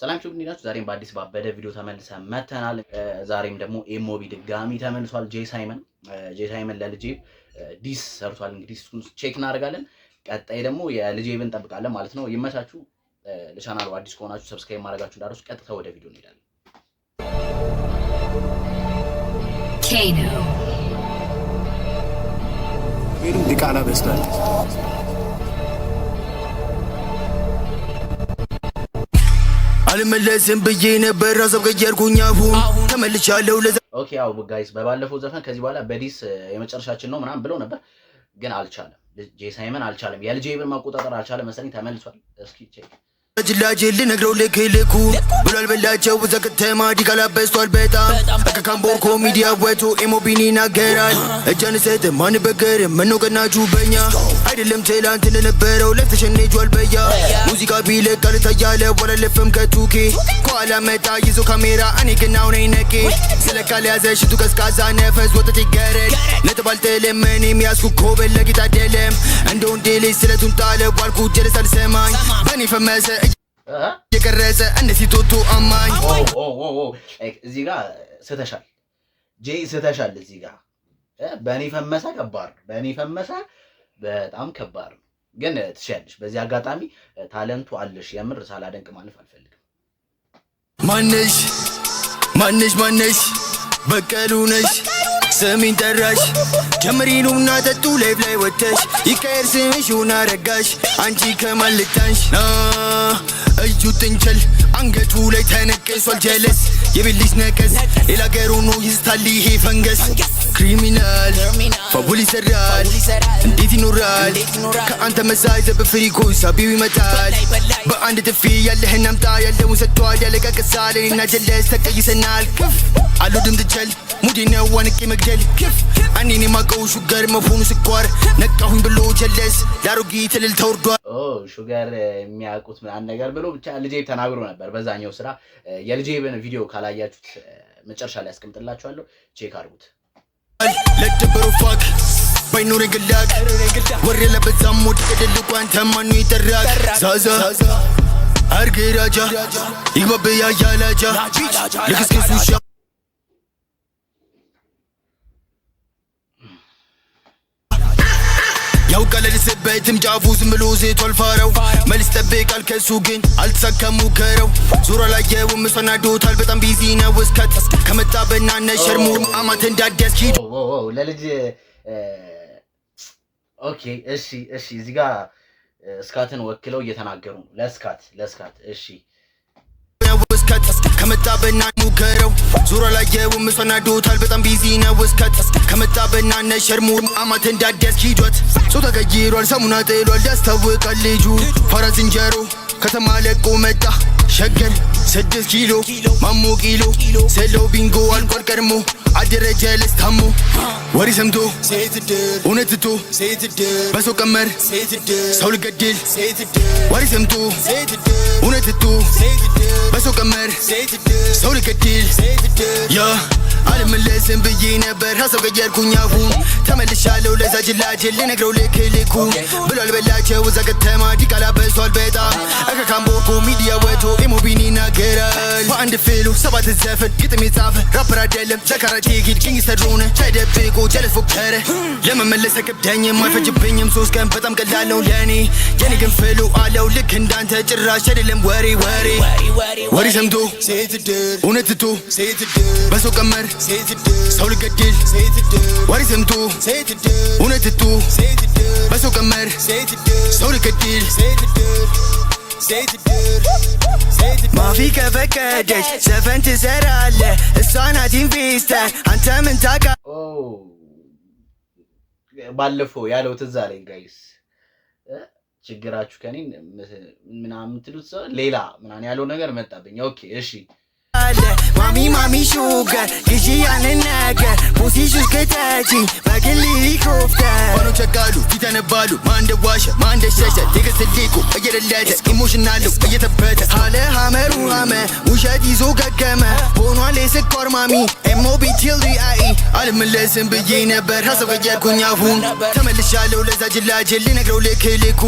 ሰላም ሹብ እንዲናችሁ ዛሬም በአዲስ ባበደ ቪዲዮ ተመልሰን መተናል። ዛሬም ደግሞ ኤሞቢ ድጋሚ ተመልሷል። ጄ ሳይመን ጄ ሳይመን ለልጄ ዲስ ሰርቷል። እንግዲህ እሱን ቼክ እናደርጋለን። ቀጣይ ደግሞ የልጄብን እንጠብቃለን ማለት ነው። ይመቻችሁ። ለቻናሉ አዲስ ከሆናችሁ ሰብስክራይብ ማድረጋችሁ እንዳትረሱ። ቀጥታ ወደ ቪዲዮ እንሄዳለን። ዲቃላ በስታል አልመለስም ብዬ ነበር ሀሳብ ቀየርኩኝ አሁን ተመልቻለሁ። ለዛ ኦኬ ያው ጋይስ በባለፈው ዘፈን ከዚህ በኋላ በዲስ የመጨረሻችን ነው ምናምን ብለው ነበር፣ ግን አልቻለም። ጄ ሳይመን አልቻለም። የልጄ ብር ማቆጣጠር አልቻለም መሰለኝ ተመልሷል። እስኪ ቼክ ጅላጅ ልነግረው ልክ ልኩ ብሏል በላቸው እዛ ከተማ ዲቃላ በዝቷል በጣም ከካምቦር ኮሚዲያ ወቶ ኤሞቢኒ ይናገራል እጃን ሰጥ ማን በገር ምነው ቀናችሁ በኛ አይደለም ትላንት እንደነበረው ላይ ተሸንጇል በያ ሙዚቃ ቢለቅ አልታያለ ወላለፈም ከቱኬ ከኋላ መጣ ይዞ ካሜራ እኔ ግን አሁን ነቄ ስለካል ያዘ ሽቱ ቀዝቃዛ ነፈስ ወተት ይገረድ አልጥልም እኔም የሚያስኩ ኮበል ለጌጥ አይደለም እንደ ወንዴ ልጅ ስለቱን ጣለ ባልኩ ጀለስ አልሰማኝ በእኔ ፈመሰ የቀረጸ እንደ ሲቶቶ አማኝ እዚህ ጋር ስተሻል ጄ ስተሻል እዚህ ጋር በእኔ ፈመሰ ከባድ ነው። በእኔ ፈመሰ በጣም ከባድ ነው፣ ግን ትሻለሽ። በዚህ አጋጣሚ ታለንቱ አለሽ። የምር ሳላደንቅ ማለፍ አልፈልግም። ማነሽ ማነሽ ማነሽ በቀሉ ነሽ ስሚን ጠራሽ ጀምሪኑና ጠጡ ላይፍ ላይ ወተሽ ይቀየር ስምሽ ሁና ረጋሽ አንቺ ከማልታንሽ ና እዩ ጥንቸል አንገቱ ላይ ተነቀሷል ጀለስ የብልሽ ነቀስ ሌላ ገር ሆኖ ይስታል ይሄ ፈንገስ ክሪሚናል ፋቡል ይሰራል እንዴት ይኖራል ከአንተ መሳይ ዘብፍሪ ሳቢው ይመጣል በአንድ ጥፊ ያለህን አምጣ ያለውን ሰጥቷል ያለቀቅሳል እኔና ጀለስ ተቀይሰናል ክፍ አሉ ድምትጀል ሙዴ ነው መግደል መግደል አኔን የማቀው ሹገር መሆኑ ስኳር ነቃሁኝ ብሎ ጀለስ ለአሮጊት ትልል ተወርዷል ሹገር የሚያውቁት ምናምን ነገር ብሎ ብቻ ልጄ ተናግሮ ነበር። በዛኛው ስራ የልጄብን ቪዲዮ ካላያችሁት መጨረሻ ላይ ያስቀምጥላችኋለሁ፣ ቼክ አድርጉት። ባይኖር ግላቅ ወሬ ለበዛም ተማኑ ይጠራቅ ዛዛ አርጌ ራጃ ይግባብያ ያላጃ ስበትም ጫፉ ዝም ብሎ ሴቱ አልፋረው መልስ ጠብቃል ከሱ ግን አልተሳካ ሙከረው ዙሮ አላየውም እሷን ዶታል በጣም ቢዚ ነው እስከት ከመጣ በናነ ሸርሙ አማት እንዳደስ ሂዱ ለልጅ ኦኬ እሺ እሺ እዚህ ጋ እስካትን ወክለው እየተናገሩ ነው ለስካት ለስካት እሺ ከመጣበና ሙከረው ዙሮ ላየውም እሷን አዶታል በጣም ቢዚ ነው እስከት ከመጣበና ነሸርሙ አማት እንዳደስ ሂዶት ሰው ተቀይሯል ሰሙና ጥሏል ያስታውቃል ልጁ ፋራ ዝንጀሮ ከተማ ለቆ መጣ ሸገር ስድስት ኪሎ ማሞ ኪሎ ስለው ቢንጎ አልቋል ቀድሞ አደረጀ ለስታሞ ወሬ ሰምቶ እውነት ትቶ በሰው ቀመር ሰው ልገድል ወሬ ሰምቶ እውነት ትቶ በሰው ቀመር ሰው ልገድል አልመልስም ብዬ ነበር ሀሳብ ቀየርኩኝ አሁን ተመልሻለሁ ለዛ ጅላጅል ልነግረው ልክ ልኩ ብሏል በላቸው እዛ ከተማ ዲቃላ በዝቷል በጣም አካካምቦኮ ሚዲያ ወቶ ኢሞቢን ይናገራል በአንድ ፊሉ ሰባት ዘፈን ግጥም የጻፈ ራፐር አይደለም ዘካራ ቴጊድ ኪንግስተር ሆነ ተደብቆ ጀለስ ፎከረ ለመመለስ አይከብደኝም ሶስት ቀን በጣም ቀላለው ለእኔ የኔ ግን ፍሉ አለው ልክ እንዳንተ ጭራሽ አይደለም ወሬ ወሬ وري سمتو سيت الدير ونتتو سيت الدير بسو كمر سيت الدير سول قديل سيت الدير وري سمتو سيت الدير ونتتو سيت الدير بسو كمر سيت الدير سول قديل سيت الدير سيت الدير ما فيك فكدش سفنت زرالة السانة دين فيستا انت من تاكا بالفو يا لو تزالي قيس ችግራችሁ ከኔ ምናምን የምትሉት ሌላ ምናምን ያለው ነገር መጣብኝ። ኦኬ እሺ ማሚ ማሚ ሹገር ግዢ ያንን ነገር ፖሲሽሽ ክተቺ በግል ሄሊኮፕተር ባኖች ያጋሉ ፊተነባሉ ማንደዋሸ ማንደሸሸ ትግስት ሊቁ እየደለተ ኢሞሽናሉ እየተበተ አለ ሀመሩ ሀመ ውሸት ይዞ ገገመ ሆኗል የስኳር ማሚ ኤሞቢቲልዲአኢ አልመለስም ብዬ ነበር ሀሳብ ቀየርኩኝ አሁን ተመልሻለሁ ለዛ ጅላጅል ልነግረው ልክ ልኩ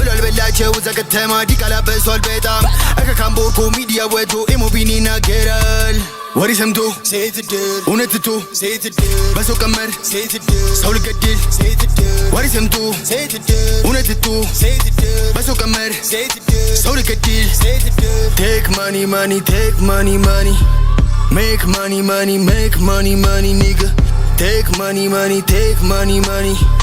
ብሏል በላቸው እዛ ከተማ ዲቃላ በሷል በጣም እከካምቦርኮ ሚዲያ ወጥቶ ኢሞቢኒ ይናገራል الجبل وري سمتو زيت الدير ونتتو زيت الدير بس وكمر زيت الدير صول قديل زيت الدير وري سمتو زيت الدير ونتتو زيت الدير بس وكمر زيت الدير صول قديل زيت الدير take money money take money money make money money make money money nigga take money money take money money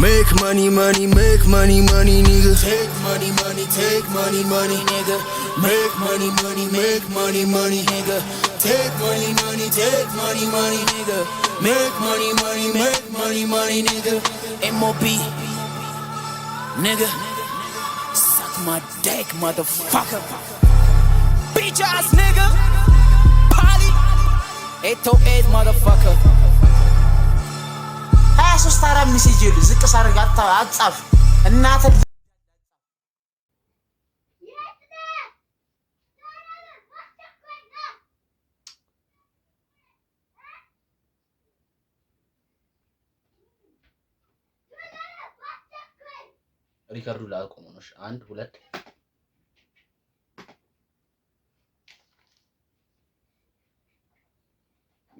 Make money, money, make money, money, nigga. Take money, money, take money, money, nigga. Make money, money, make money, money, nigga. Take money, money, take money, money, nigga. Make money, money, make money, money, nigga. MOB, nigga. Suck my dick, motherfucker. Bitch ass nigga. Party. 808 motherfucker. ሶስት አራ ሚሴጅ ይሉ ዝቅ ሳርግ አጻፍ እናተ ሪከርዱ ላቁም ነው። አንድ ሁለት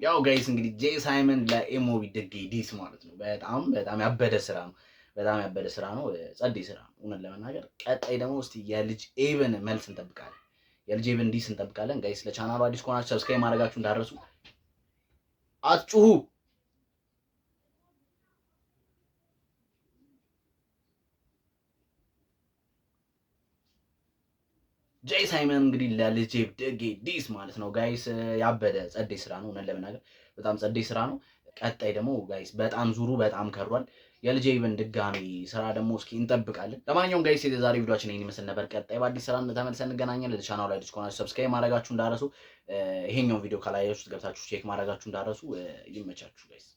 ያው ጋይስ እንግዲህ ጄ ሳይመን ለኤሞቢ ደጌ ዲስ ማለት ነው። በጣም በጣም ያበደ ስራ ነው። በጣም ያበደ ስራ ነው። ጸዴ ስራ ነው እውነት ለመናገር። ቀጣይ ደግሞ እስቲ የልጅ ኤቨን መልስ እንጠብቃለን። የልጅ ኤቨን ዲስ እንጠብቃለን። ጋይስ ለቻናሉ አዲስ ከሆናችሁ ሰብስክራይብ ማድረጋችሁ እንዳረሱ አትጩሁ። ጄይ ሳይመን እንግዲህ ለልጄ ደጌ ዲስ ማለት ነው ጋይስ። ያበደ ጸደይ ስራ ነው እውነት ለመናገር በጣም ጸደይ ስራ ነው። ቀጣይ ደግሞ ጋይስ በጣም ዙሩ በጣም ከሯል። የልጄ ይብን ድጋሚ ስራ ደግሞ እስኪ እንጠብቃለን። ለማንኛውም ጋይስ የዛሬ ቪዲዮችን ይህን ይመስል ነበር። ቀጣይ በአዲስ ስራ ተመልሰን እንገናኛለን። ለቻናሉ ላይ ዲስኮናችሁ ሰብስክራይብ ማድረጋችሁ እንዳረሱ፣ ይሄኛውን ቪዲዮ ካላያችሁት ገብታችሁ ቼክ ማድረጋችሁ እንዳረሱ። ይመቻችሁ ጋይስ።